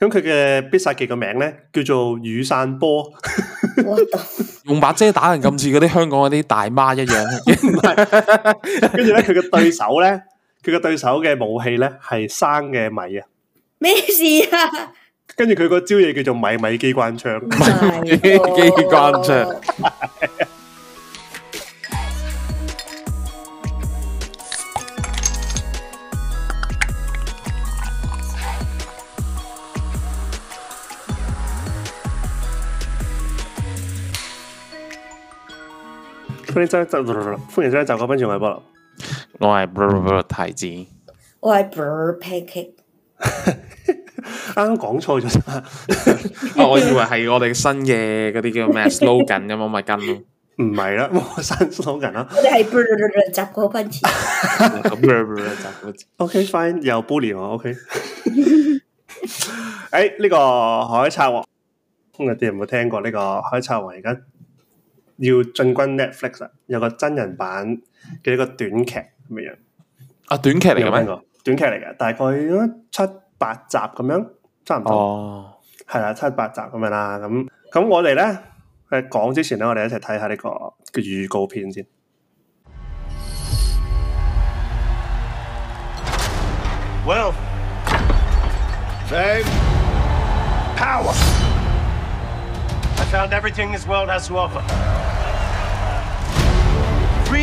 咁佢嘅必殺技個名咧叫做雨傘波，用把遮打人咁似嗰啲香港嗰啲大媽一樣， 跟住咧佢嘅對手咧，佢嘅對手嘅武器咧係生嘅米啊，咩事啊？跟住佢個招嘢叫做米米機關槍，機 關槍。 歡迎收聽雜果籃，我唔係報，我係 blue blue 太子，我係 blue 派克。啱啱 講錯咗，我、 oh，我以為係我哋新嘅嗰啲叫咩 slogan 咁，我咪跟咯。唔係啦，我新 slogan 啦、啊。我哋係 blue blue 雜果籃，咁嘅 blue blue OK fine，又 bully 我，我 OK、 哎。誒，呢個海賊王，今日啲人有冇聽過呢個海賊王而家？要進軍 Netflix 有個真人版嘅一個短劇咁嘅樣，啊短劇嚟嘅，短劇嚟嘅，大概七八集咁樣，差唔多，係啦、哦，七八集咁樣啦。咁咁我哋咧喺講之前咧，我哋一齊睇下呢個嘅、呢個、預告片先。Well, save power. I found everything this world has to offer.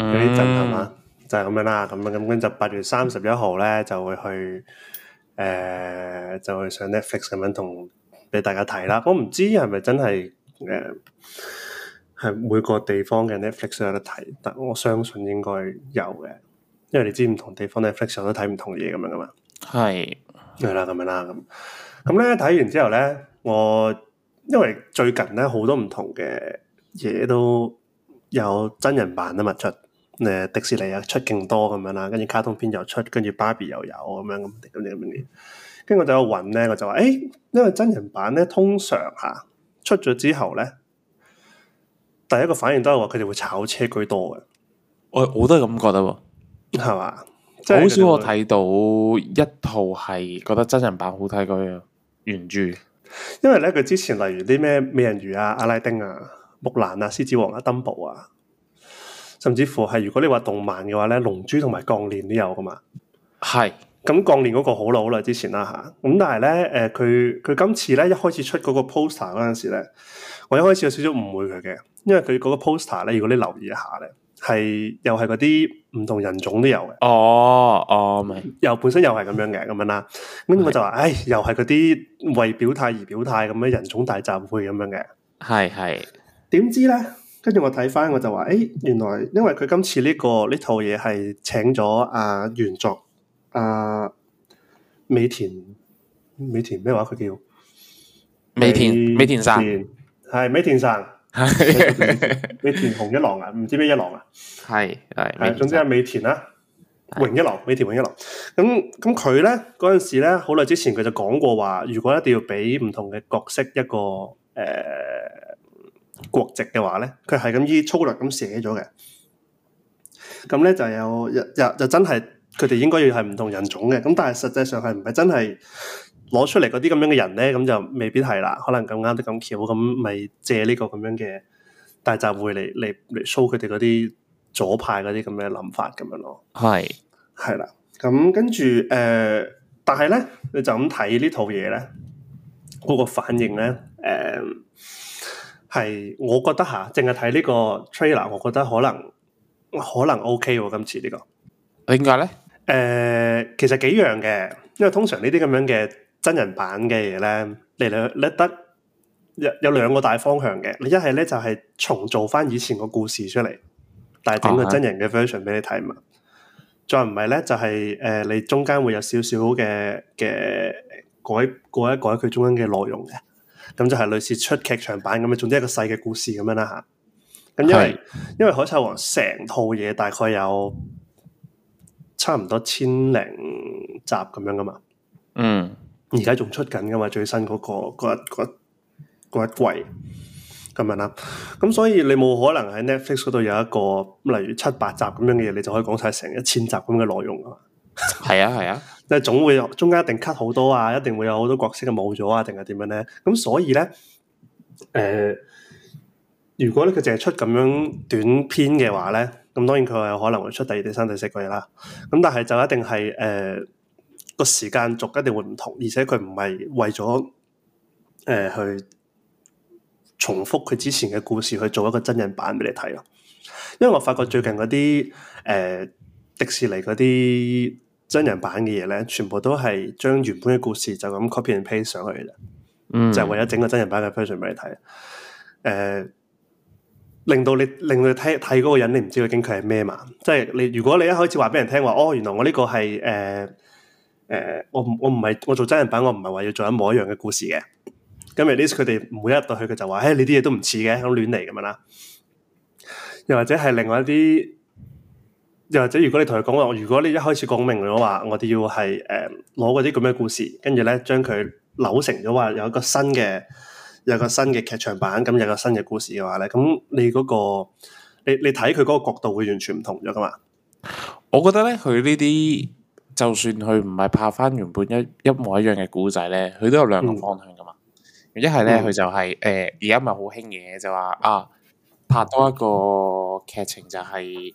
有啲震撼啊，就係、是、咁樣啦，咁樣咁跟住八月三十一號咧就會去，誒、呃、就會上 Netflix 咁樣同俾大家睇啦。我唔知係咪真係誒係每個地方嘅 Netflix 有得睇，但我相信應該有嘅，因為你知唔同地方嘅 Netflix 都睇唔同嘢，咁樣噶嘛。係係啦，咁 樣啦，咁咁咧睇完之後咧，我因為最近咧好多唔同嘅嘢都有真人版啊嘛出。迪士尼啊，出勁多咁樣啦，跟住卡通片又出，跟住芭比又有咁樣咁，咁跟住我就有搵咧，我就話，誒、哎，因為真人版咧，通常吓、啊、出咗之後咧，第一個反應都係話佢哋會炒車居多嘅。我我都係咁覺得喎、啊，係嘛？就是、好少我睇到一套係覺得真人版好睇過原著。因為咧，佢之前例如啲咩美人魚啊、阿拉丁啊、木蘭啊、獅子王啊、登布啊。甚至乎係如果你話動漫嘅話咧，《龍珠》同埋《鋼煉》都有㗎嘛？係是。咁《鋼煉》嗰個好耐好耐啦，之前啦吓，咁但係咧，誒佢佢今次咧一開始出嗰個 poster 嗰陣時咧，我一開始有少少誤會佢嘅，因為佢嗰個 poster 咧，如果你留意一下咧，係又係嗰啲唔同人種都有嘅。哦哦、oh, oh，明、 哎。又本身又係咁樣嘅，咁樣啦。咁我就話，唉，又係嗰啲為表態而表態咁樣人種大集會咁樣嘅。係係。點知咧？跟住我睇翻，我就話誒、哎，原來因為佢今次呢、這個呢套嘢係請咗阿、啊、原作阿、啊、尾田尾田咩話佢叫尾田尾田生係尾田生美， 尾田紅一郎啊，唔知咩一郎啊，係係係，總之係尾田啊，榮一郎，是尾田榮一郎。咁咁佢咧嗰陣時咧，好耐之前佢就講過話，如果一定要俾唔同嘅角色一個誒。呃國籍嘅話咧，佢係咁依粗略咁寫咗嘅，咁咧就有又又真係佢哋應該要係唔同人種嘅，咁但係實際上係唔係真係攞出嚟嗰啲咁樣嘅人咧，咁就未必係啦，可能咁啱得咁巧，咁咪借呢個咁樣嘅大集會嚟嚟嚟 show 佢哋嗰啲左派嗰啲咁嘅諗法咁樣咯，係係啦，咁、嗯、跟住誒、呃，但係咧，你就咁睇呢套嘢咧，嗰、嗰個反應咧，誒、呃。係，我覺得吓，淨係睇呢個 trailer，我覺得可能可能 OK 喎。今次，這個，呢個點解咧？誒、呃，其實幾樣嘅，因為通常呢啲咁樣嘅真人版嘅嘢咧嚟嚟咧得有有兩個大方向嘅，你一係咧就係重做返以前個故事出嚟，但係整個真人嘅 version 俾你睇嘛。哦，再唔係咧，就係誒，你中間會有少少嘅嘅改改一改佢中間嘅內容嘅。咁就係類似出劇場版咁啊，總之一個細嘅故事咁樣啦吓。咁因為因為《海賊王》成套嘢大概有差唔多千零集咁樣噶嘛。嗯。而家仲出緊噶嘛？最新嗰個嗰一一季咁樣啦。咁所以你冇可能喺 Netflix 嗰度有一個例如七八集咁樣嘅嘢，你就可以講晒成一千集咁嘅內容噶嘛。係啊，係啊。即係總會有中間一定 cut 好多啊，一定會有好多角色嘅冇咗啊，定係點樣呢？咁所以呢，誒、呃，如果咧佢淨係出咁樣短篇嘅話呢，咁當然佢係可能會出第二、第三、第四個嘢啦。咁但係就一定係誒個時間軸一定會唔同，而且佢唔係為咗誒、呃、去重複佢之前嘅故事去做一個真人版俾你睇咯。因為我發覺最近嗰啲誒迪士尼嗰啲。真人版嘅嘢咧，全部都係將原本嘅故事就咁 copy and paste 上去嘅啫，嗯、就為咗整個真人版嘅 version 俾你睇。誒、呃，令到你令到睇睇嗰個人，你唔知佢背景佢係咩嘛？即係你如果你一開始話俾人聽話，哦，原來我呢個係誒誒，我唔我唔係我做真人版，我唔係話要做一模一樣嘅故事嘅。咁 at least 佢哋每一入到去，佢就話，誒，呢啲嘢都唔似嘅，好亂嚟咁樣啦。又或者係另外一啲。又或者如果你同佢講話，如果你一開始講明咗話，我哋要係誒攞嗰啲咁嘅故事，跟住咧將佢扭成咗話有一個新嘅，有個新嘅劇場版，咁有個新嘅故事嘅話咧，咁你嗰、嗰個你你睇佢嗰個角度會完全唔同咗噶嘛？我覺得咧，佢呢啲就算佢唔係拍翻原本一一模一樣嘅古仔咧，佢都有兩個方向噶嘛。嗯、一係咧，佢就係誒而家咪好興嘢，就話啊拍多一個劇情就係、係。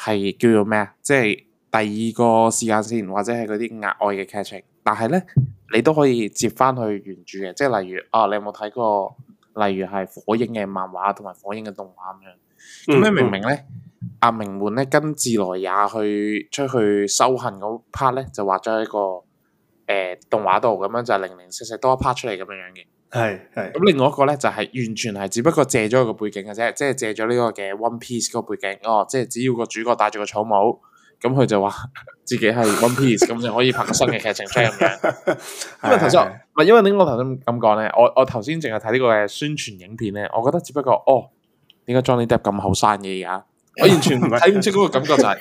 係叫做咩啊？即係第二個時間線，或者係嗰啲額外嘅劇情。但係呢，你都可以接翻去原著嘅，即係例如啊，你有冇睇過？例如係《火影》嘅漫畫同埋《火影》嘅動畫咁樣。咁、嗯、你明不不明呢？阿、啊、明門呢，跟自來也去出去修行嗰 part 呢，就畫咗一個誒、呃、動畫度，咁樣就零零碎碎多一 part 出嚟咁樣樣嘅。係係咁，另外一個咧就係完全係，只不過借咗個背景嘅啫，即係借咗呢個嘅 One Piece 嗰個背景哦，即係只要個主角戴住個草帽，咁佢就話自己係 One Piece，咁 就可以拍個新嘅劇情出咁樣。 因為頭先唔係因為點我頭先咁講咧？我我頭先淨係睇呢個嘅宣傳影片咧，我覺得只不過哦，點解 Johnny Depp 咁後生嘅呀？我完全睇唔出嗰個感覺就係。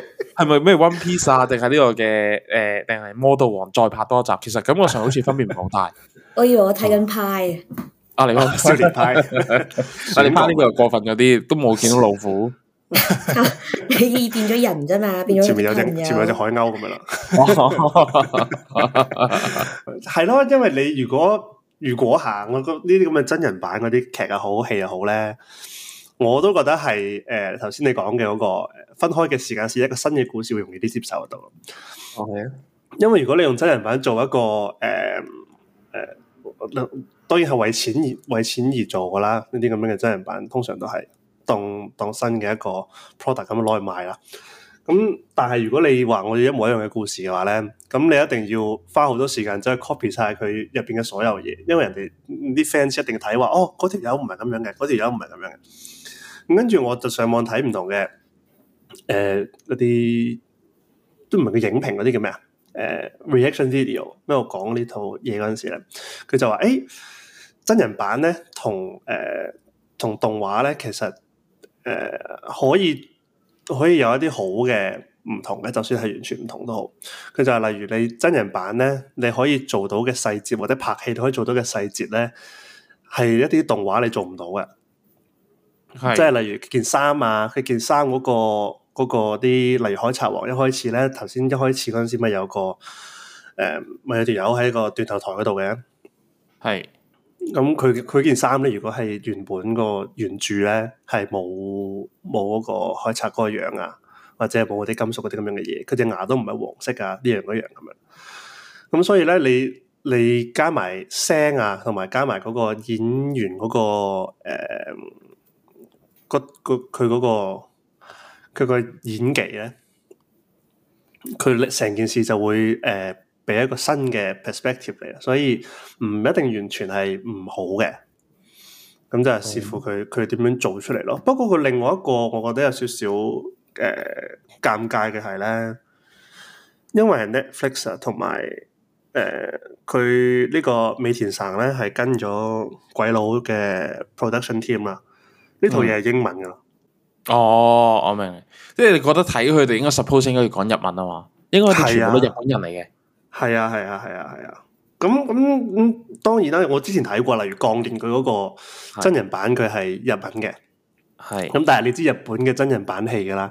係咪咩 One Piece 啊？定係呢個嘅誒？定係 model 王再拍多一集？其實感覺上好似分別唔好大。 我以為我睇緊派啊！阿你少年派，阿你拍呢個又過分咗啲，都冇見到老虎。你變咗人啫嘛？變咗。前面有隻，前面有隻海鷗咁樣啦。係咯，因為你如果如果行我覺呢啲咁嘅真人版嗰啲劇又好戲又好咧。我都覺得係誒頭先你講嘅嗰個、呃、分開嘅時間是一個新嘅故事，會容易啲接受得到。OK， 因為如果你用真人版做一個誒誒、呃呃，當然係為錢而為錢而做噶啦。呢啲咁樣嘅真人版通常都係當當新嘅一個 product 咁樣攞去賣啦。咁、嗯、但係如果你話我哋一模一樣嘅故事嘅話咧，咁你一定要花好多時間真係 copy 晒佢入邊嘅所有嘢，因為人哋啲 fans 一定睇，話哦，嗰條友唔係咁樣嘅，嗰條友唔係咁樣嘅。跟住我就上網睇唔同嘅誒嗰啲都唔係叫影評嗰啲叫咩啊？誒、呃、Reaction Video，咩我講呢套嘢嗰陣時咧，佢就話誒、欸、真人版咧同誒、呃、同動畫咧其實誒、呃、可以可以有一啲好嘅唔同嘅，就算係完全唔同都好。佢就係例如你真人版咧，你可以做到嘅細節或者拍戲都可以做到嘅細節咧，係一啲動畫你做唔到嘅。即係例如件衫啊，佢件衫嗰、嗰個、嗰個啲、嗰個，例如海賊王一開始咧，頭先一開始嗰陣時咪有個誒，咪、呃、有條友喺個斷頭台嗰度嘅。係，咁佢佢件衫咧，如果係原本個原著咧，係冇冇嗰個海賊嗰個樣啊，或者係冇嗰啲金屬嗰啲咁樣嘅嘢，佢隻牙都唔係黃色啊，呢樣嗰樣咁樣。咁所以咧，你你加埋聲啊，同埋加埋嗰個演員嗰、嗰個誒。呃那個佢嗰個佢個演技咧，佢成件事就會誒俾、呃、一個新嘅 perspective 嚟，所以唔一定完全係唔好嘅。咁就係視乎佢佢點樣做出嚟咯。不過佢另外一個我覺得有少少誒尷尬嘅係咧，因為 Netflix 同、啊、埋誒佢呢、呃、個尾田神咧係跟咗鬼佬嘅 production team 啦、啊。呢套嘢係英文噶咯、嗯，哦，我明，即係你覺得睇佢哋應該 supposing 應該要講日文啊嘛，應該，應該全部日本人嚟嘅。係啊係啊係啊係啊，咁咁、啊啊啊嗯、當然啦，我之前睇過，例如《鋼煉》佢嗰個真人版佢係日文嘅，係是，咁但係你知日本嘅真人版戲噶啦，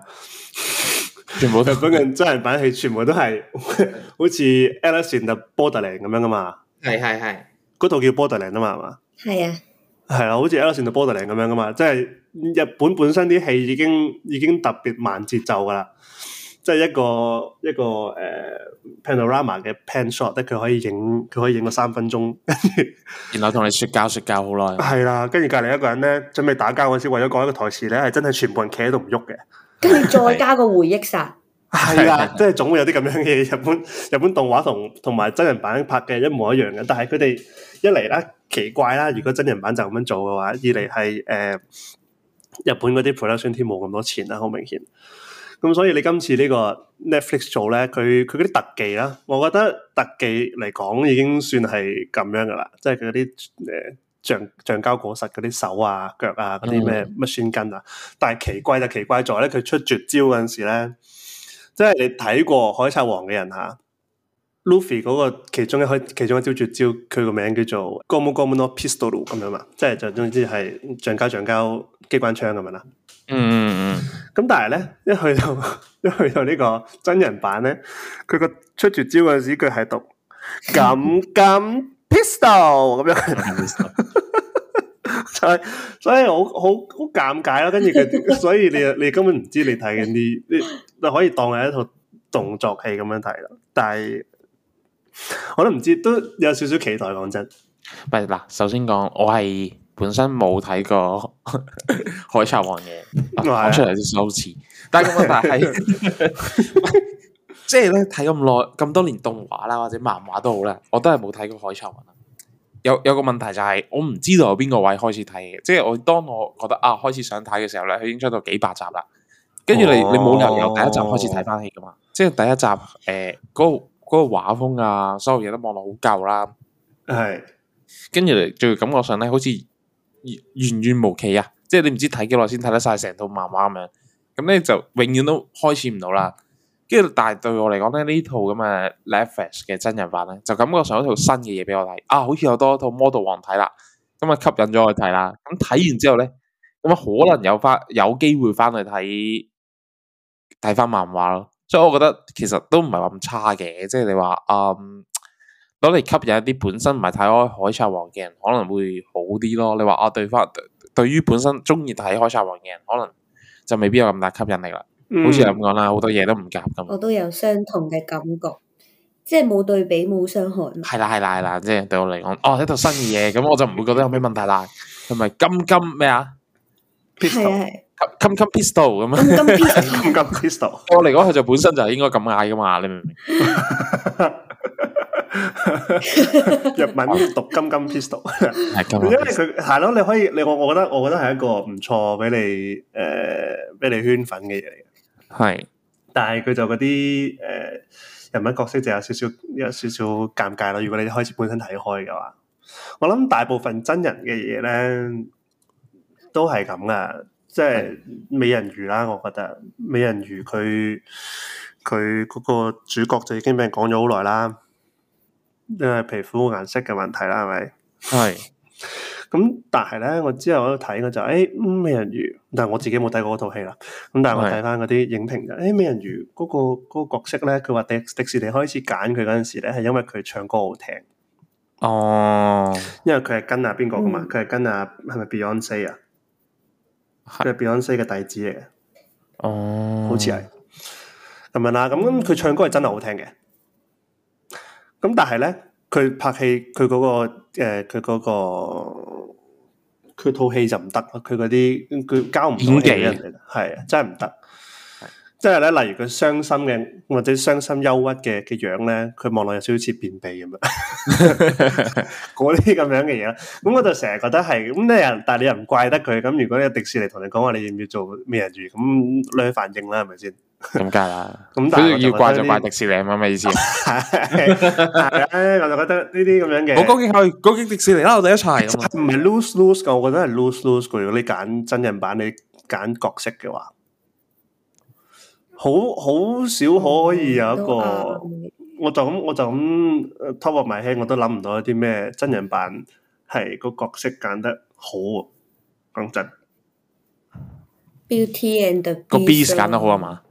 全部日本嘅真人版戲全部都係 好似 Alice and Borderland 咁樣噶嘛，係係係，嗰套叫 Borderland 啊嘛，係嘛，係啊。係啊，好似《Alice in Borderland》咁樣噶嘛，即係日本本身啲戲已經已經特別慢節奏噶啦，即係一個一個誒 panorama 嘅 pan shot，即佢可以影佢可以影個三分鐘，跟住然後同你說教，說教好耐。係啦，跟住隔籬一個人咧，準備打交嗰時，為咗講一個台詞咧，係真係全部人企喺度唔喐嘅，跟住再加個回憶殺。係啊， 即係總會有啲咁樣嘅嘢。日本日本動畫同同埋真人版拍嘅一模一樣嘅，但係佢哋。一嚟啦，奇怪啦！如果真人版就咁樣做嘅話，二嚟係誒，日本嗰啲 production team 冇咁多錢啦，好明顯。咁所以你今次個呢個 Netflix 做咧，佢佢啲特技啦，我覺得特技嚟講已經算係咁樣噶啦，即係佢啲誒橡橡膠果實嗰啲手啊腳啊嗰啲咩乜酸根啊，啊嗯、但係奇怪就奇怪在咧，佢出絕招嗰陣時咧，即係你睇過《海賊王》嘅人吓。Luffy 嗰個其中一開其中一招絕招，招，佢個名叫做 Gomu Gomu no Pistol 咁樣嘛，即係就總之係橡膠橡膠機關槍咁樣啦。嗯嗯嗯。咁但係咧，一去到一去到呢個真人版咧，佢個出絕招嗰陣時，佢係讀 Gom Gom Pistol 咁樣、 就係，所以所以我好好尷尬咯。跟住佢， 所以你你根本唔知你睇緊啲，你可以當係一套動作戲咁樣睇咯。但係。我都唔知，都有少少期待。講真，唔係嗱，首先講，我係本身冇睇過《海賊王》嘅，講 出嚟都羞恥。但係，即係咧睇咁耐，咁多年動畫啦或者漫畫都好咧，我都係冇睇過《海賊王》。有有個問題就係，我唔知道有邊個位開始睇嘅。即係我當我覺得啊，開始想睇嘅時候咧，已經出到幾百集啦。跟住你、哦、你冇理由由第一集開始睇翻起噶嘛？即係第一集誒 g、呃呃呃.嗰個畫風啊，所有嘢都望落好舊啦，係是，跟住就感覺上咧，好似完完無期啊，即係你唔知睇幾耐先睇得晒成套漫畫咁樣，咁咧就永遠都開始唔到啦。跟住，但係對我嚟講咧，呢套咁嘅 Netflix 嘅真人版咧，就感覺上一套新嘅嘢俾我睇，啊，好似有多一套 Model 魔道王睇啦，咁啊吸引咗我睇啦，咁睇完之後咧，咁啊可能有翻，有機會翻去睇睇翻漫畫咯。所以我覺得其實都唔係話咁差嘅，即係你話，嗯，攞嚟吸引一啲本身唔係太睇開《海賊王》嘅人，可能會好啲咯。你話哦、啊，對方對於本身中意睇《海賊王》嘅人，可能就未必有咁大吸引力啦。嗯、好似咁講啦，好多嘢都唔夾咁。我都有相同嘅感覺，即係冇對比冇傷害。係啦係啦係啦，即係、啊啊啊、對我嚟講，哦、啊，睇到新嘅嘢，咁我就唔會覺得有咩問題啦。係咪金金咩啊？係、啊。金金 pistol 咁樣！ 金 pistol，我嚟講佢就本身就係應該咁嗌噶嘛，你明唔明？ 日文讀金金 pistol，係咁 因為佢係咯，你可以你我我覺得我覺得係一個唔錯俾你誒俾、呃、你圈粉嘅嘢。嚟是。係，但係佢就嗰啲誒人物角色就有少少有少少尷尬咯。如果你開始本身睇開嘅話，我諗大部分真人嘅嘢咧都係咁噶。即係美人魚啦，我覺得美人魚佢佢個主角就已經俾人講咗好耐啦。因為皮膚顏色嘅問題啦，係咪？係是。咁 但係咧，我之後喺度睇我就誒美人魚，但係我自己冇睇過套戲啦。咁但係我睇翻嗰啲影評就誒美人魚嗰、那個、那個角色咧，佢話迪迪士尼開始揀佢嗰陣時咧，係因為佢唱歌好聽。哦，因為佢係跟阿邊個噶嘛？佢係、嗯、跟阿係咪 Beyoncé 啊？係，係 Beyond 嘅弟子嚟嘅，哦、嗯，好似係咁樣啦。咁佢唱歌係真係好聽嘅，咁但係咧，佢拍戲佢嗰個誒，佢、呃、嗰、嗰個佢套戲就唔得咯。佢嗰啲佢交唔到演技係真係唔得。即係咧，例如佢傷心嘅，或者傷心憂鬱嘅嘅樣咧，佢望落有少少似便秘咁樣，嗰啲咁樣嘅嘢。咁我就成日覺得係咁啲人，但係你又唔怪得佢。咁如果你迪士尼同你講話，你要唔要做美人魚，咁你去反應啦，係咪先？咁梗啦，咁要怪就怪迪士尼啊嘛，意思。我就覺得呢啲咁樣嘅，我攻擊去攻擊迪士尼啦， 我哋一齊。唔係 lose lose 嘅，我覺得係 lose lose。如果你揀真人版，你揀角色嘅話。好好少可以有一個，嗯、我就咁我就咁拖話埋起，我都諗唔到一啲咩真人版係個角色揀得好。講真 Beauty and the Beast 個 Beast 揀得好啊嘛，了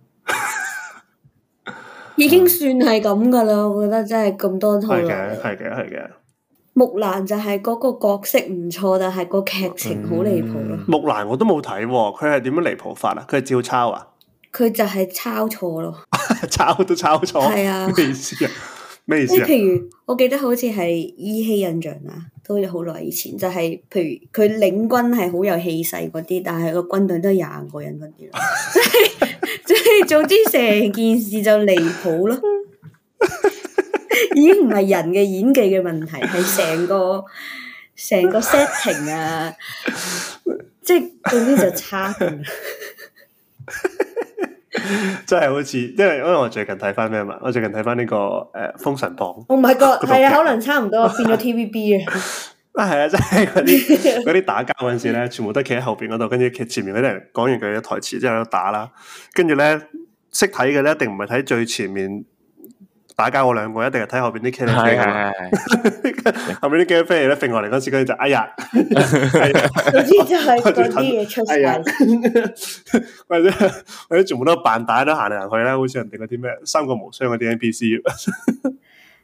已經算係咁噶啦。我覺得真係咁多套係嘅，係嘅，係嘅。木蘭就係嗰個角色唔錯，但係個劇情好離譜咯。嗯嗯、木蘭我都冇睇，佢係點樣離譜法啊？佢係照抄啊？佢就係抄錯咯， 抄都抄錯，係啊，咩意思啊、咩意思啊、即係、欸、譬如，我記得好似係依稀印象啊，都好耐以前，就係、是、譬如佢領軍係好有氣勢嗰啲，但係個軍隊都係廿個人嗰啲，即係即係，就是、總之成件事就離譜咯， 已經唔係人嘅演技嘅問題，係成個成個 setting 啊，嗯、即係總之就差 真係好似，因為因為我最近睇翻咩嘛？我最近睇翻呢個誒《封神榜》，oh my god，係啊，可能差唔多變咗 TVB 啊，啊係啊，即係嗰啲嗰啲打交嗰陣時咧，全部都企喺後邊嗰度，跟住佢前面嗰啲人講完佢嘅台詞之後喺度打啦，跟住咧識睇嘅咧，一定唔係睇最前面。打交我兩個一定係睇後邊啲 caty 嘅，對對對 後邊啲 caty 咧我嚟嗰時嗰啲就哎呀，總之就係嗰啲，係啊， 或者或者全部都扮大都行嚟行去啦，好似人哋嗰啲咩三個無雙嗰啲 npc，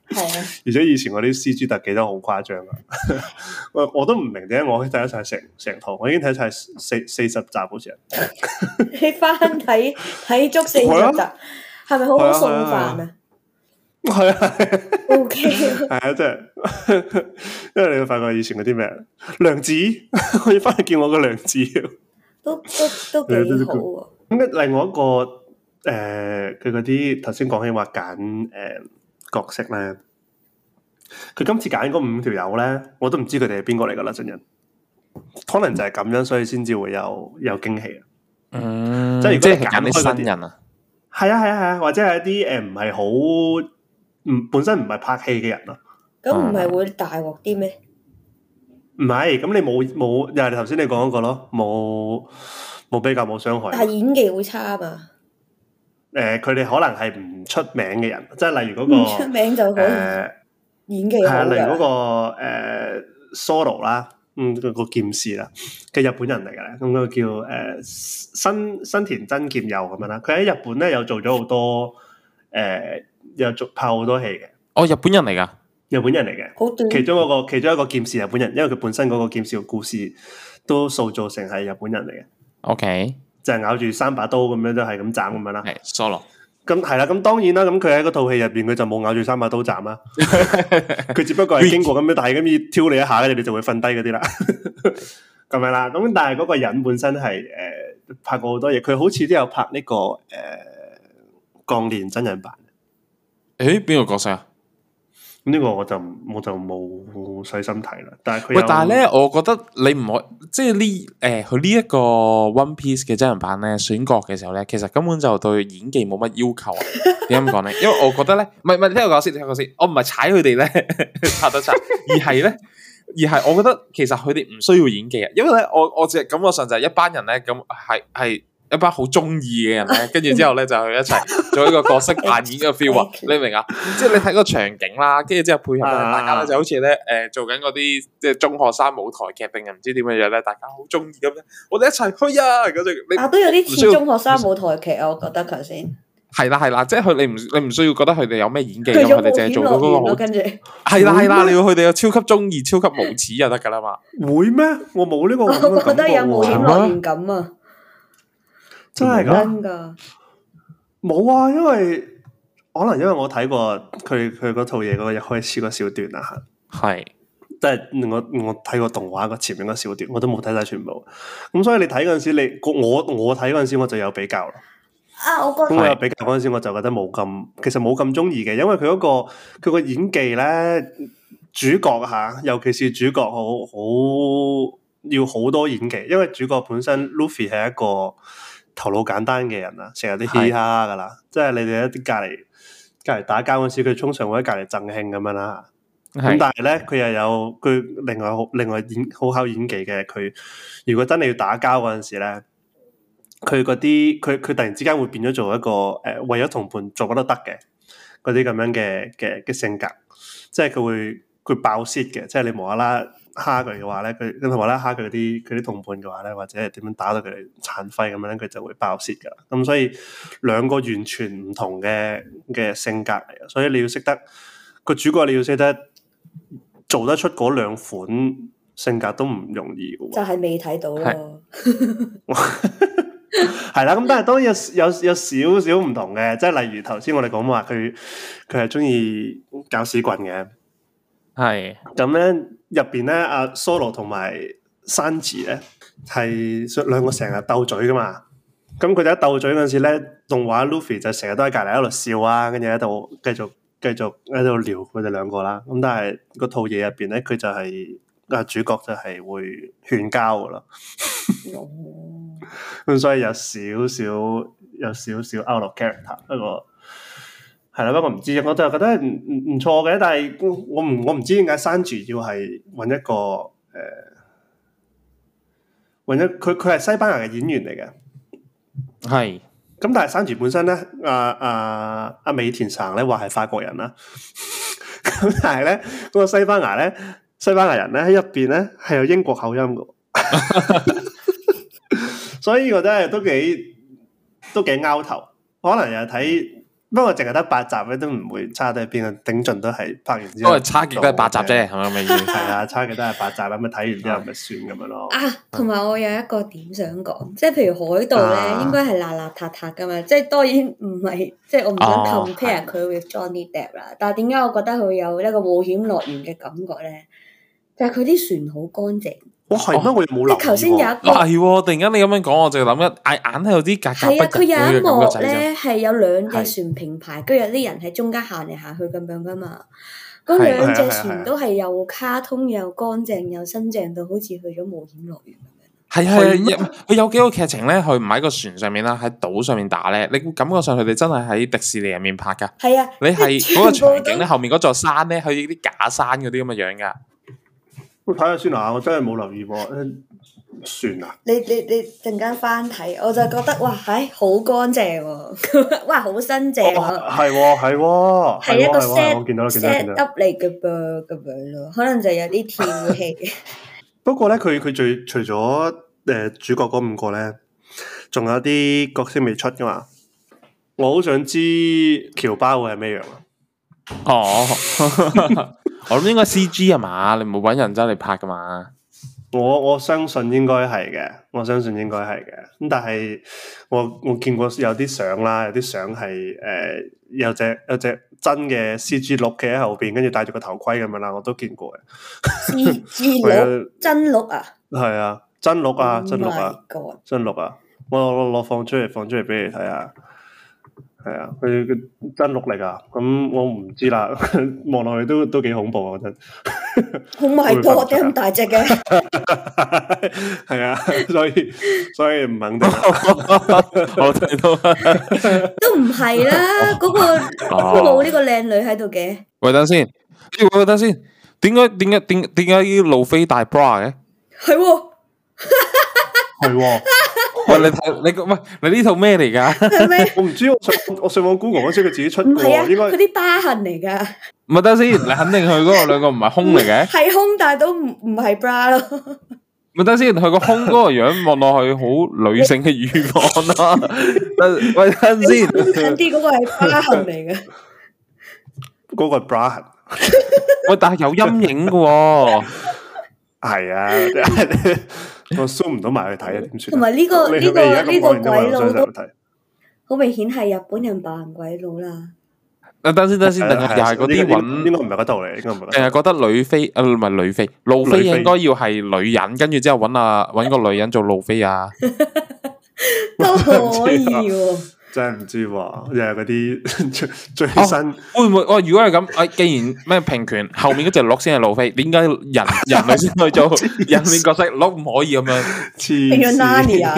係啊，而且以前我啲 cg 特技都好誇張啊，我都我都唔明點解我睇睇晒，成成套，我已經睇晒四四十集好似， 你翻睇睇足四十集，係咪好好送飯 啊？是是 係啊，O K，係啊，即係，因為你會發覺以前嗰啲咩，梁子，可以翻去見我個梁子， 都都都幾好。咁 另外一個誒，佢嗰啲頭先講起話揀誒角色咧，佢今次揀嗰五條友咧，我都唔知佢哋係邊個嚟噶啦，真人、嗯，可能就係咁樣，所以先至會有有驚喜啊。嗯、即係是如果係揀啲新人啊，係啊係啊係啊，或者係一啲誒唔係好。唔，本身唔係拍戲嘅人咯，咁唔係會大鑊啲咩？唔係，咁你冇冇又係頭先你講嗰個咯，冇冇比較冇傷害。但係演技會差嘛？誒、呃，佢哋可能係唔出名嘅人，即係例如嗰、嗰個唔出名就誒演技係啊，呃、例如嗰、嗰個誒、呃、Solo 啦、嗯，嗯、嗰個個劍士啦，嘅日本人嚟嘅，咁、嗰個叫誒、呃、新新田真劍佑咁樣啦，佢喺日本咧又做咗好多誒。呃又做拍好多戲嘅，哦，日本人嚟噶，日本人嚟嘅，其中嗰個其中一個劍士日本人，因為佢本身嗰個劍士嘅故事都塑造成係日本人嚟嘅。O Okay . K，就係咬住三把刀咁樣，就係咁斬咁樣啦。係 Okay .，Solo。咁係啦，咁當然啦，咁佢喺嗰套戲入邊，佢就冇咬住三把刀斬啦。佢 只不過係經過咁樣，但係咁要挑你一下咧，你哋就會瞓低嗰啲啦，咁樣啦。咁但係嗰個人本身係誒、呃、拍過多好多嘢，佢好似都有拍呢、這個誒《鋼、呃、煉》年真人版。誒，邊個角色啊？呢個我就我就冇細心睇啦。但係喂，但係咧，我覺得你唔可，即係呢誒，佢呢一個 One Piece 嘅真人版咧，選角嘅時候咧，其實根本就對演技冇乜要求啊。點解咁講咧？因為我覺得咧，唔係唔係，聽我講先，聽我講先。我唔係踩佢哋咧，拍得差，而係咧，而係我覺得其實佢哋唔需要演技啊。因為咧，我我只係感覺上就係一班人咧，咁係係。一班好中意嘅人咧，跟住之後咧就去一齊做一個角色扮演嘅 feel 啊！你明唔明啊？即係你睇個場景啦，跟住之後配合大家就好似咧誒，做緊嗰啲即係中學生舞台劇定係唔知點樣樣咧，大家好中意咁咧，我哋一齊去啊！嗰種你啊都有啲似中學生舞台劇啊，我覺得頭先係啦係啦，即係佢你唔你唔需要覺得佢哋有咩演技，佢哋淨係做咗嗰個，跟住係啦係啦，你要佢哋有超級中意、超級無恥就得噶啦嘛？會咩？我冇呢個，我覺得有冒險樂園感啊！真係噶，冇 啊。因為可能因為我睇過佢佢嗰套嘢嗰個一開始嗰小段啊，係即係我我睇過動畫個前面嗰小段，我都冇睇晒全部。咁、嗯、所以你睇嗰陣時，你我我睇嗰陣時我就有比較啦。啊，我咁我有比較嗰陣時，我就覺得冇咁其實冇咁中意嘅，因為佢嗰、嗰個佢個演技呢，主角吓尤其是主角好好要好多演技，因為主角本身 Luffy 係一個。頭腦簡單嘅人啊，成日啲嘻嘻哈哈㗎啦，是即係你哋一啲隔籬隔籬打交嗰時，佢通常會喺隔籬贈慶咁樣啦。咁是但係咧，佢又有佢另外好另外演好考演技嘅佢，如果真係要打交嗰陣時咧，佢嗰啲佢佢突然之間會變咗做一個誒、呃，為咗同伴做乜都得嘅嗰啲咁樣嘅嘅嘅性格，即係佢會佢爆 seed 嘅，即係你無啦啦。蝦佢嘅話咧，佢咁譬如話咧，蝦佢啲佢啲同伴嘅話咧，或者點樣打到佢哋，殘廢咁樣咧，佢就會爆 seed 噶。咁、嗯、所以兩個完全唔同嘅嘅性格，嚟嘅。所以你要識得個主角，你要識得做得出嗰兩款性格都唔容易嘅。就係未睇到咯。係啦， 咁但係當然有有有少少唔同嘅，即係例如頭先我哋講話，佢佢係中意搞屎棍嘅。係咁咧。入邊咧，阿 Solo 同埋山治咧係兩個成日鬥嘴噶嘛，咁佢哋喺鬥嘴嗰陣時咧，動畫 Luffy 就成日都喺隔籬喺度笑啊，跟住喺度繼續繼續喺度撩佢哋兩個啦，咁但係嗰套嘢入邊咧，佢就係、係、啊主角就係會勸交噶啦，咁 所以有少少有少少 out of character 不過。係啦，不過唔知，我都係覺得唔唔唔錯嘅。但係我唔我唔知點解山住要係揾一個誒，揾、呃、一佢佢係西班牙嘅演員嚟嘅。係咁是，但係山住本身咧，阿阿阿美田成咧話係法國人啦。咁 但係咧，嗰、嗰個西班牙咧，西班牙人咧喺入邊咧係有英國口音嘅， 所以我覺得都幾都幾拗頭。可能又睇。不過淨係得八集咧，都唔會差得去邊啊！頂盡都係拍完之後，都係差極都係八集啫，係咪係啊，差極都係八集咁啊，睇完之後咪算咁樣咯。啊，同埋我有一個點想講，即係譬如海盜咧，啊、應該係邋邋遢遢噶嘛。即係當然唔係，啊、即係我唔想 compare 佢去 join 呢 part 啦。但係點解我覺得佢有一個冒險樂園嘅感覺咧？就係佢啲船好乾淨。我係咩？我冇啦。你頭先有一個，係喎！突然間你咁樣講，我就諗一，哎，眼係有啲格格不入嘅。係啊，佢有一幕咧，係有兩隻船平排，跟住有啲人喺中間行嚟行去咁樣噶嘛。嗰兩隻船都係又卡通又乾淨又新淨到，好似去咗冒險樂園。係係係，佢有幾個劇情咧，佢唔喺個船上面啦，喺島上面打咧。你感覺上佢哋真係喺迪士尼入面拍噶。係啊，你係嗰個場景咧，後面嗰座山咧，佢啲假山嗰啲咁嘅樣噶。睇下先啊！我真係冇留意喎。算、啊、啦、啊。你你你陣間翻睇，我就覺得哇，唉、哎，好乾淨喎、啊，哇好新淨喎、啊。係喎係喎係一個 set set up 嚟嘅噃咁樣咯，哦哦哦、可能就有啲跳戲。 不過咧，佢佢最除咗誒、呃、主角嗰五個咧，仲有啲角色未出噶嘛。我好想知喬巴會係咩樣啊？哦。 我諗應該 C G 啊嘛，你唔冇搵人真嚟拍㗎嘛？我我相信應該係嘅，我相信應該係嘅。咁但係我我見過有啲相啦，有啲相係誒，有隻有隻真嘅 C G 鹿企喺後邊，跟住戴住個頭盔咁樣啦，我都見過嘅。 C G、L、 有真鹿啊！係啊，真鹿啊、oh、my 啊，真鹿啊，真鹿啊！我我我放出嚟，放出嚟俾你睇下。係啊，佢佢真碌力啊！咁我唔知啦，望落去都都幾恐怖啊！我覺得，恐怖係多啲咁大隻嘅，係啊，所以所以唔肯定。我睇到都唔係啦，嗰個冇呢個靚女喺度嘅。喂等先，喂等先，點解點解點點解要路飛大 bra 嘅？係喎，係喎。喂你睇你唔係你呢套咩嚟噶？我唔吧知，我上我上網 Google 嗰時，佢自己出過。係啊，啲疤為痕嚟噶。唔得先，你肯定佢嗰個兩個唔係胸嚟嘅。係胸，但係都唔唔係 bra 咯。咪得先，佢個胸嗰個樣望落去好女性嘅乳房啊！等等 喂，咪得先，啲嗰 個係是疤 痕嚟嘅，嗰個係 bra。喂，但係有陰影嘅，係啊。我收唔到埋去睇啊！點算？同埋呢個呢個呢個鬼佬好明顯係日本人扮鬼佬啦。啊！等先等先，又係嗰啲揾邊個唔係嗰套嚟？應該唔係。誒，覺得女飛啊唔係女飛，路飛應該要係女人，跟住之後揾啊揾個女人做路飛啊。 都可以哦、啊。 真係唔知喎，又係嗰啲最新會唔會？哦，如果係咁，誒，既然咩平權後面嗰隻鹿先係路飛，點解人人類先去做人面角色？鹿唔可以咁樣？黐你有 money 啊？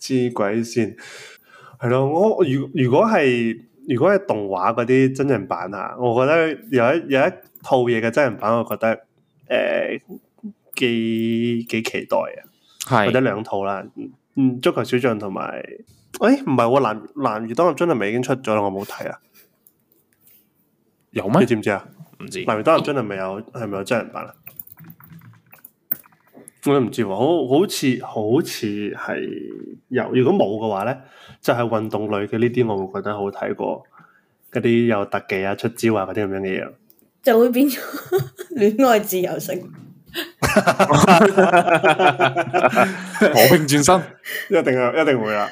黐鬼先？係咯，我如如果係如果係動畫嗰啲真人版啊，我覺得有有一套嘢嘅真人版，我覺得誒幾幾期待啊，係或者兩套啦。嗯，足球小將同埋，誒、哎，唔係喎，男兒當入樽係咪已經出咗啦？我冇睇啊，有咩？你知唔知啊？唔知男兒當入樽係咪有，係咪有真人版啊？我都唔知，好好似好似係有。如果冇嘅話咧，就係運動類嘅呢啲，我會覺得好睇過嗰啲有特技啊、出招啊嗰啲咁樣嘅嘢，就會變咗戀愛自由性。火拼轉身 一，一定啊，一定會啦。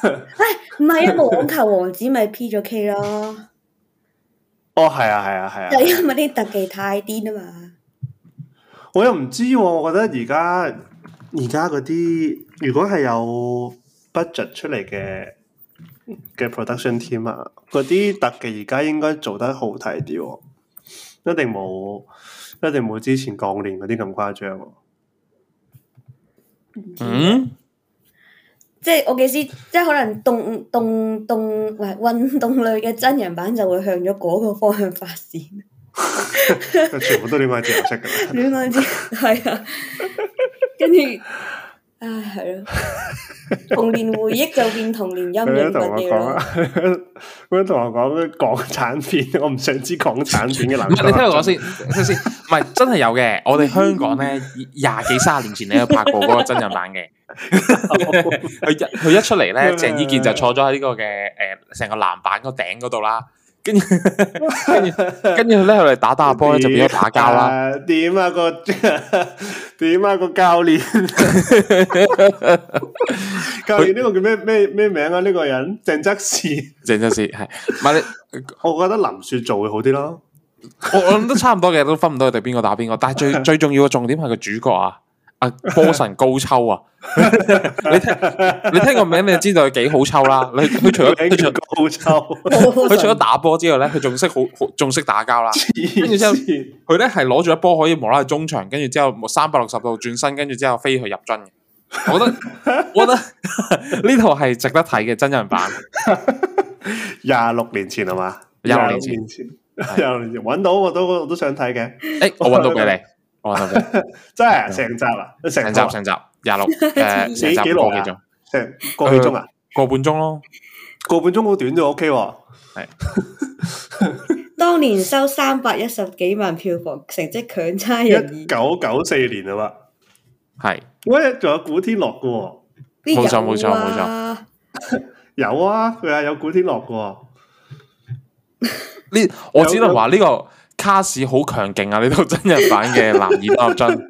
哎，唔係一部網球王子咪 P 咗 K 咯。哦，係啊，係啊，係啊。就因為啲特技太癲啊嘛。我又唔知，我覺得而家而家嗰啲，如果係有 budget 出嚟嘅嘅 production team 啊，嗰啲特技而家應該做得好睇啲，一定冇。一定冇之前港聯嗰啲咁誇張。嗯，即係我嘅意思，即係可能動動動唔係運動類嘅真人版就會向咗嗰個方向發展。全部都點解紫色噶？戀愛係啊，跟 住。唉，係咯，童年回憶就變童年陰影同我咯？嗰陣同我講啲港產片，我唔想知港產片嘅流。 你聽我講先，聽先， 唔係真係有嘅。我哋香港咧，廿幾卅年前你有拍過嗰個真人版嘅。佢 一佢一出嚟咧，鄭伊 是健就坐咗喺呢個嘅誒，成個籃板個頂嗰度啦。 跟住，跟住，跟住咧，後嚟打打波咧，就 變咗打交啦、 啊。點啊個點啊個教練， 教練呢個叫咩咩咩名啊？呢、這個人鄭則仕，鄭則仕係。唔係，你呃、我覺得林雪做會好啲咯 我。我我諗都差唔多嘅，都分唔到佢哋邊個打邊個。但係最 最重要嘅重點係個主角啊。阿、啊、波神高秋啊！ 你聽你聽個名，你就知道佢幾好抽啦、啊。你佢 除咗高抽，佢 除咗打波之外，咧，佢仲識好，仲識打交啦、啊。跟住之後，佢咧係攞住一波可以無啦啦中場，跟住之後三百六十度轉身，跟住之後飛去入樽。我覺得，我覺得呢套係值得睇嘅真人版。廿六年前係嘛？廿六年前，廿六年前揾是到我都我都，我都想睇嘅。誒、欸，我揾到俾你。 哦，真係成集啊！成集成集，廿六誒，幾幾耐啊？成個幾鐘啊？個半鐘咯，個半鐘好短就 OK 喎。係當年收三百一十幾萬票房，成績強差人意。一九九四年啊嘛，係，喂，仲有古天樂嘅，冇錯冇錯冇錯，有啊，佢係有古天樂嘅。呢，我只能話呢個。卡士好強勁啊！呢套真人版嘅《藍耳阿針》呢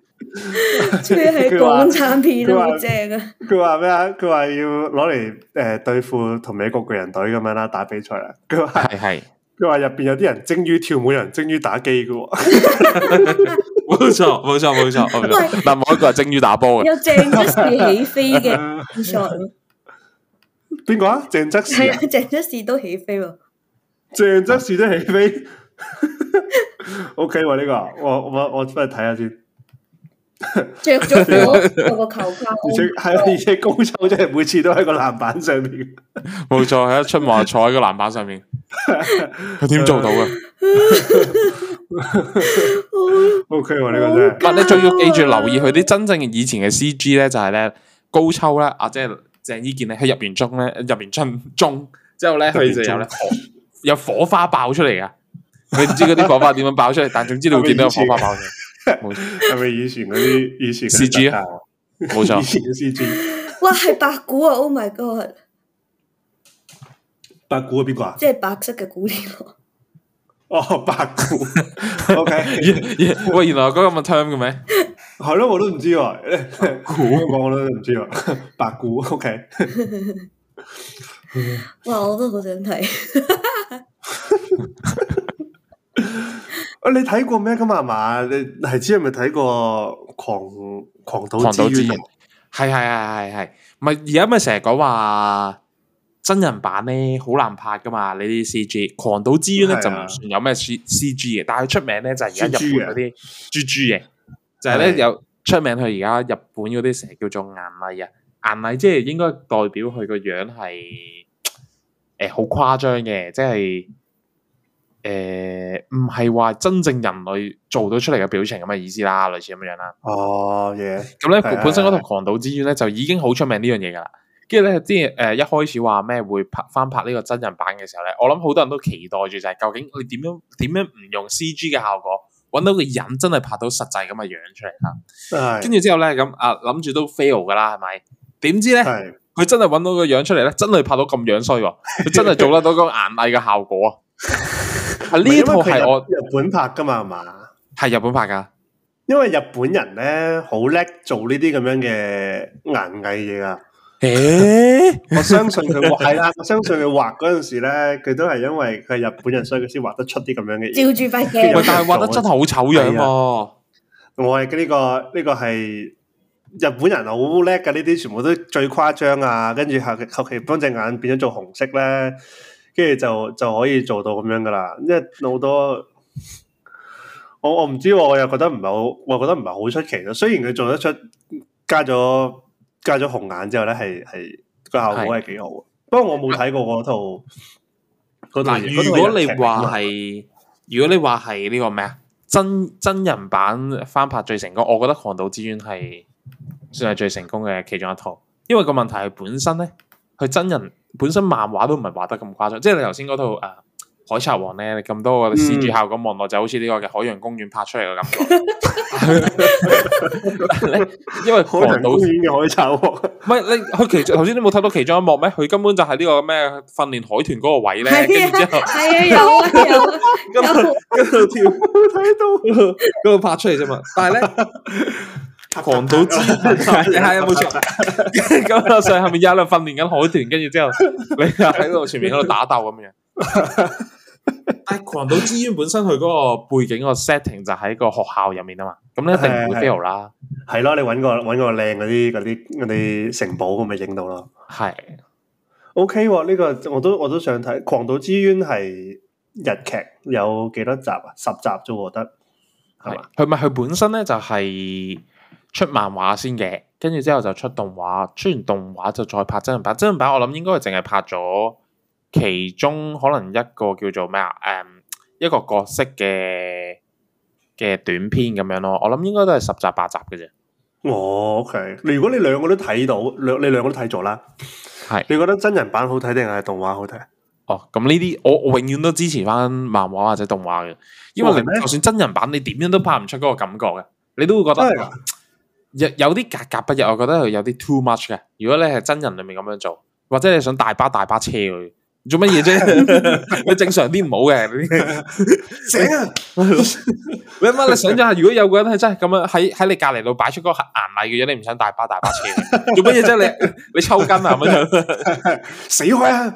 個係港產片，好正啊！佢話咩啊？佢話要攞嚟誒對付同美國巨人隊咁樣啦，打比賽啦。佢話係係，佢話入邊有啲人精於跳舞，有人精於打機嘅。哦，冇錯冇錯冇錯。唔係， 但冇一個係精於打波嘅。有鄭則仕起飛嘅，唔錯。邊個啊？鄭則仕啊？鄭則仕都起飛喎。鄭則仕都起飛。 O、okay, K，、這個、我呢個我我我出嚟睇下先，着住個個球框，而且高秋真係每次都喺個籃板上面錯，冇錯喺一出幕坐喺個籃板上面，佢點做到嘅？O K，我呢個真係，糟但你仲要記住留意佢啲真正嘅以前嘅 C G 咧、啊，就係咧高秋咧，阿即係鄭伊健咧喺入邊中咧，入邊進中，中之後咧，佢就有，有火花爆出嚟噶。佢唔 知嗰啲火花點樣爆出嚟，但係總之你會見到有火花爆出來，冇錯係咪以前嗰啲 以前 C G 啊？冇錯，以前嘅 C G，哇係白骨啊！Oh my god，白骨喺邊個啊？即係白色嘅古嚟咯，哦白骨，OK，喂， yeah, yeah. 原來有咁嘅 term 嘅咩？係咯，我都唔知啊，骨咁講我都唔知啊，白骨，OK， 哇，我都好想睇。 喂， 你睇過咩噶嘛？是是是是是嘛，你係知係咪睇過《狂狂賭之淵》？係係係係係，咪而家咪成日講話真人版咧好難拍噶嘛？呢啲 C G《狂賭之淵》咧、啊、就唔算有咩 C G 嘅，但係出名咧就係而家日本嗰啲 G G 嘅，就係、是、咧的有出名去而家日本嗰啲成日叫做顏藝啊，顏藝即係應該代表佢個樣係誒好誇張嘅，即、呃、係。誒，唔係話真正人類做到出嚟嘅表情咁嘅意思啦，類似咁樣啦。哦耶！咁咧呢的本身嗰套狂賭之淵咧的就已經好出名呢樣嘢噶啦，跟住咧啲誒一開始話咩會拍翻拍呢個真人版嘅時候咧，我諗好多人都期待住就係究竟佢點樣點樣唔用 CG 嘅效果，搵到個人真係拍到實際咁嘅樣出嚟啦。跟住的之後咧咁啊諗住都 fail 噶啦，係咪？點知咧佢的真係搵到個樣出嚟咧，真係拍到咁樣衰喎，佢真係做得到個顏藝嘅效果啊！ 啊！呢套係我日本拍噶嘛，係嘛？係日本拍噶。因為日本人咧好叻做呢啲咁樣嘅硬藝嘢啊。誒， 我相信佢畫係啦， 我相信佢畫嗰陣時咧，佢都係因為佢係日本人，所以佢先畫得出啲咁樣嘅嘢。照住塊石，但係畫得真係好醜樣， 啊。我嘅呢、呢個呢、呢個係日本人好叻嘅，呢啲全部都最誇張啊！跟住後期後期，嗰隻眼變咗做紅色咧。跟住就就可以做到咁樣噶啦，因為好多我我唔知，我又覺得唔係好，我又覺得唔係好出奇咯。雖然佢做得出加咗加咗紅眼之後咧，係係個效果係幾好。是不過我冇睇過嗰套嗰套、嗯、如果你話係，如果你話係呢個咩啊？真真人版翻拍最成功，我覺得狂道《寒刀之冤》係算係最成功嘅其中一套，因為個問題係本身咧。佢真人本身漫畫都唔係畫得咁誇張，即係你頭先嗰套誒、啊、海賊王咧，咁多個視覺效果望落就好似呢個嘅海洋公園拍出嚟嘅感覺。 因為海島嘅海賊王，唔係你佢其中頭先你冇睇到其中一幕咩？佢根本就係呢個咩訓練海豚嗰個位咧，跟住 之後係啊 有啊有，跟跟住條冇睇到，跟住 拍出嚟啫嘛。但係咧。 狂島之淵你睇下有冇錯，咁所以後面又喺度訓練緊海豚，跟住之後你又喺度前面喺度打鬥咁樣。但狂島之淵本身佢嗰個背景個 setting 就喺個學校入面啊嘛，咁你一定唔會 feel 啦。係咯，你搵個搵個靚嗰啲啲啲城堡咁咪影到咯。係，OK，呢個我都我都想睇。狂島之淵係日劇，有幾多集啊？十集啫，我覺得係嘛？佢咪佢本身咧就係、是。出漫畫先嘅，跟住之後就出動畫，出完動畫就再拍真人版。真人版我諗應該淨係拍咗其中可能一個叫做咩啊？誒、嗯，一個角色嘅嘅短片咁樣咯。我諗應該都係十集八集嘅啫。哦，OK。如果你兩個都睇到，兩你兩個都睇咗啦。係是。你覺得真人版好睇定係動畫好睇？哦，咁呢啲我我永遠都支持翻漫畫或者動畫嘅，因為你喂就算真人版你點樣都拍唔出嗰個感覺嘅，你都會覺得。係有啲格格不入，我覺得佢有啲 too much 嘅。如果你係真人裏面咁樣做，或者你想大巴大巴車佢，做乜嘢啫？ 你正常啲唔好嘅。 醒啊！你 諗 你想象下，如果有個人係真係咁樣喺喺你隔籬度擺出個顏厲嘅嘢，你唔想大巴大巴車，做乜嘢啫？你你抽筋啊？咁樣死開啊！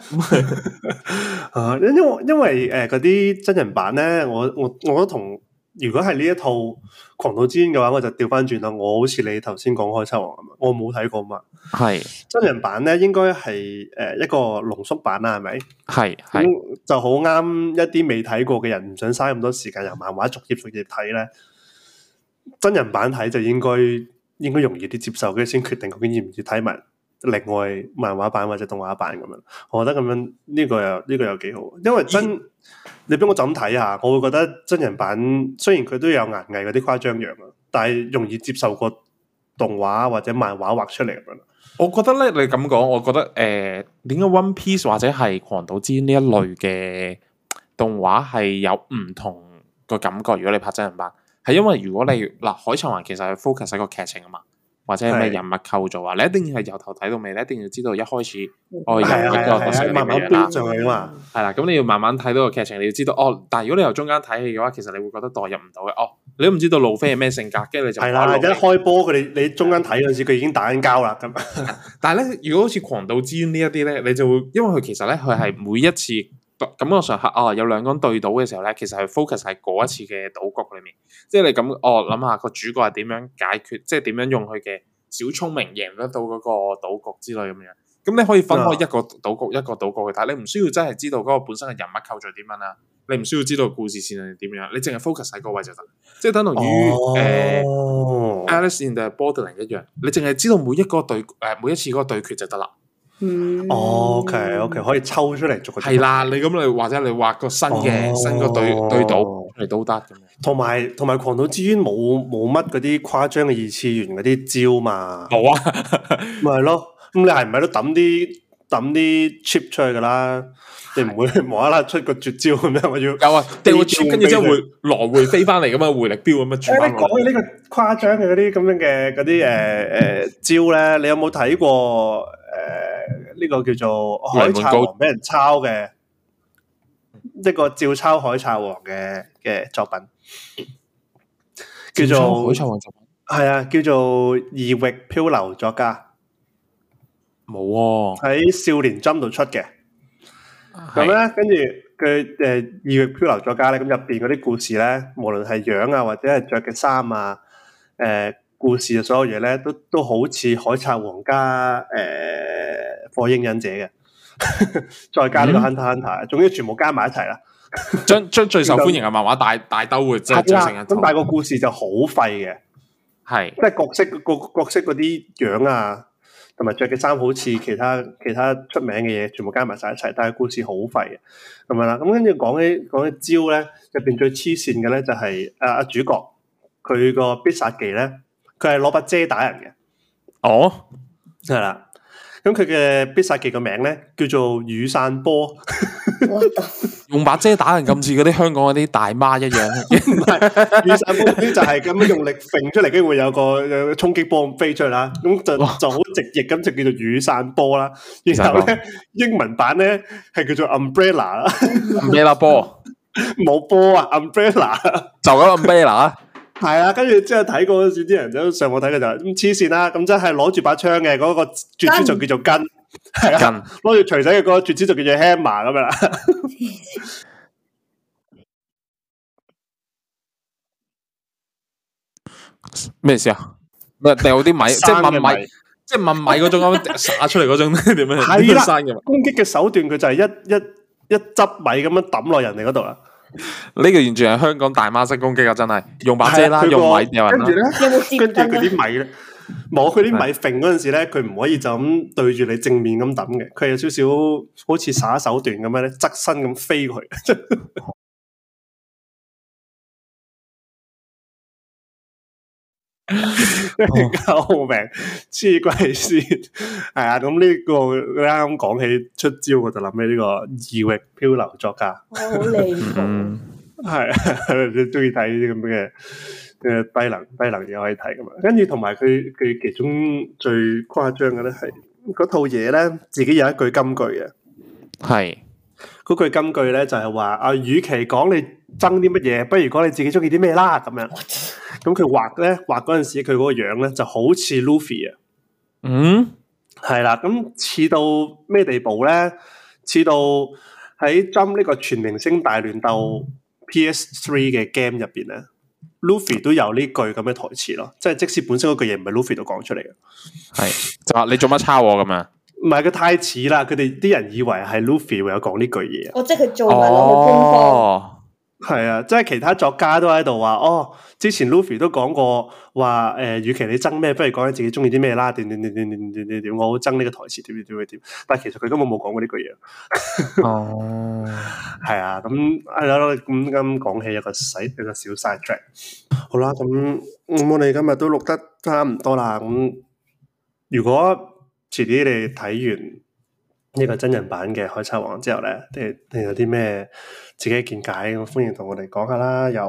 因、 uh, 因為誒，嗰啲、呃、真人版咧，我我我都同。如果係呢一套《狂怒之煙》嘅話，我就調翻轉啦。我好似你頭先講開《海賊王》咁，我冇睇過嘛。係是真人版咧，應該係誒，一個濃縮版啦，係咪？係係就好啱一啲未睇過嘅人，唔想嘥咁多時間由漫畫逐頁逐頁睇咧。真人版睇就應該應該容易啲接受，跟先決定究竟要唔要睇埋。另外漫畫版或者動畫版咁樣，我覺得咁樣呢、這個又呢、這個又幾好，因為真咦你俾我就咁睇下，我會覺得真人版雖然佢都有顏藝嗰啲誇張樣，但係容易接受過動畫或者漫畫畫出嚟咁樣。我覺得咧，你咁講，我覺得誒，點解 One Piece 或者係狂賭之淵呢一類嘅動畫係有唔同個感覺？如果你拍真人版，係因為如果你嗱、呃、海賊王其實係 focus 喺個劇情啊嘛。或者係咩人物構造啊？的你一定要係由頭睇到尾，你一定要知道一開始的哦，人慢慢打上去嘛。係啦，咁你要慢慢睇到個劇情，你要知道哦。但係如果你由中間睇戲嘅話，其實你會覺得代入唔到嘅哦。你都唔知道路飛係咩性格，跟住你就係啦。一開波佢哋，你中間睇嗰陣時，佢的已經打緊交啦咁。 但係咧，如果好似《狂賭之淵》呢一啲咧，你就會因為佢其實咧，佢係每一次。 咁我常客啊，有兩個人對賭嘅時候咧，其實係 focus 喺嗰一次嘅賭局裏面。即係你咁，哦，諗下，個主角係點樣解決，即係點樣用佢嘅小聰明贏得到嗰個賭局之類咁樣。咁你可以分開一個賭局、一個賭局去睇，你唔需要真係知道嗰個本身嘅人物構造點樣啦，你唔需要知道故事線係點樣，你淨係 focus 喺個位就得。即係等同於誒 Alice in the Borderlands 一樣，你淨係知道每一個對誒、呃、每一次嗰個對決就得啦。嗯、mm hmm. oh,，OK OK，可以抽出嚟做。係啦，你咁你或者你畫個新嘅、oh. 新個對對賭嚟都得嘅。同埋同埋狂島之淵冇冇乜嗰啲誇張嘅二次元嗰啲招嘛？好啊，咪係咯。咁你係唔係都抌啲抌啲 chip 出去噶啦？的你唔會無啦啦出個絕招咁樣， 我要有啊掟 chip，跟住之後回來回飛翻嚟咁啊，回力鏢咁啊。講起呢個誇張嘅嗰啲咁樣嘅嗰啲誒誒招咧，你有冇睇過？誒，呢、呃這個叫做《海賊王》俾人抄嘅、嗯、一個照抄海《海賊王》嘅嘅作品，叫做《海賊王》作品，係啊，叫做《異域漂、啊呃、漂流作家》冇喎，喺《少年針》度出嘅。咁咧，跟住佢誒《異域漂流作家》咧，咁入邊嗰啲故事咧，無論係樣啊，或者係着嘅衫啊，誒、呃。故事嘅所有嘢咧，都都好似海賊王，加誒火影忍者嘅，再加呢個 Hunter Hunter，總之全部加埋一齊啦。將將最受歡迎嘅漫畫大大兜嘅，即係做成一套。咁但係個故事就好廢嘅，係即係角色個角色嗰啲樣啊，同埋着嘅衫好似其他其他出名嘅嘢，全部加埋晒一齊。但係故事好廢嘅咁樣啦。咁跟住講起講起招咧，入邊最黐線嘅咧，就係啊啊主角佢個必殺技咧。佢係攞把遮打人嘅。哦，係啦，咁佢嘅必殺技個名咧叫做雨傘波， 用把遮打人咁似嗰啲香港嗰啲大媽一樣， 唔係，雨傘波啲就係咁樣用力揈出嚟，跟住 會有個衝擊波咁飛出嚟啦，咁就就好直譯咁就叫做雨傘波啦。然後咧英文版咧係叫做 umbrella 啦， 雨傘波冇波 啊，umbrella 就咁 umbrella。 係啊，跟住之後睇過嗰陣時，啲人就上網睇佢就咁黐線啦。咁即係攞住把槍嘅嗰個絕招就叫做根，係啊，攞住錘仔嘅嗰個絕招就叫做 hammer 咁樣啦。咩事啊？咪有啲米，即係問米，即係問米嗰種咁撒出嚟嗰種，點樣係啦？攻擊嘅手段，佢就係一一一執米咁樣抌落人哋嗰度啦。呢個完全係香港大媽式攻擊啊！真係用把遮啦，用 米掉人啦。跟住咧，有冇咧？佢啲米摸佢啲米揈嗰陣時咧，佢唔可以就咁對住你正面咁抌嘅，佢有少少好似耍手段咁樣咧，側身咁飛佢。 救 命！黐鬼先。係 啊，咁呢個啱啱講起出招，我就諗起呢、這個異域漂流作家，好厲害，係你中意睇呢啲咁嘅誒低能低能嘢可以睇㗎嘛？跟住同埋佢佢其中最誇張嘅咧係嗰套嘢咧，自己有一句金句嘅係。嗰句金句咧就係、是、話啊，與其講你憎啲乜嘢，不如講你自己中意啲咩啦，咁樣。咁佢畫咧畫嗰陣時，佢嗰個樣咧就好似 Luffy 啊。嗯，係啦，咁似到咩地步咧？似到喺針呢個全明星大亂鬥 PS3 嘅 game 入邊咧，Luffy 都有呢句咁嘅台詞咯。即係即使本身嗰句嘢唔係 Luffy 度講出嚟，嘅，係就話你做乜抄我咁啊？ 唔係佢太似啦，佢哋啲人以為係 Luffy 會有講呢句嘢。哦、 oh,，即係佢做埋咯，佢官方哦，係啊，即係其他作家都喺度話，哦，之前 Luffy 都講過話，誒，與、呃、其你憎咩，不如講下自己中意啲咩啦，點點點點點點點，我好憎呢個台詞，點點點點，但係其實佢根本冇講過呢句嘢。哦、 oh.，係啊，咁、哎、啊，咁啱講起一個細一個小 side track 好啦，咁我哋今日都錄得差唔多啦。咁如果遲啲你睇完呢個真人版嘅《海賊王》之後咧，啲你有啲咩自己見解，歡迎同我哋講下啦。又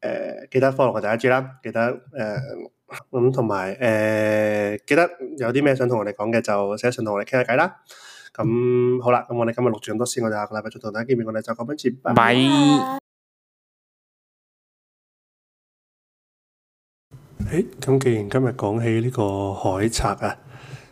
誒，記得 follow 我哋 IG 啦，記得誒，咁同埋誒，記得有啲咩想同我哋講嘅，就寫信同我哋傾下偈啦。咁好啦，咁我哋今日錄住咁多先，我哋下個禮拜再同大家見面，我哋就講返次，拜拜。誒，咁既然今日講起呢個海賊啊～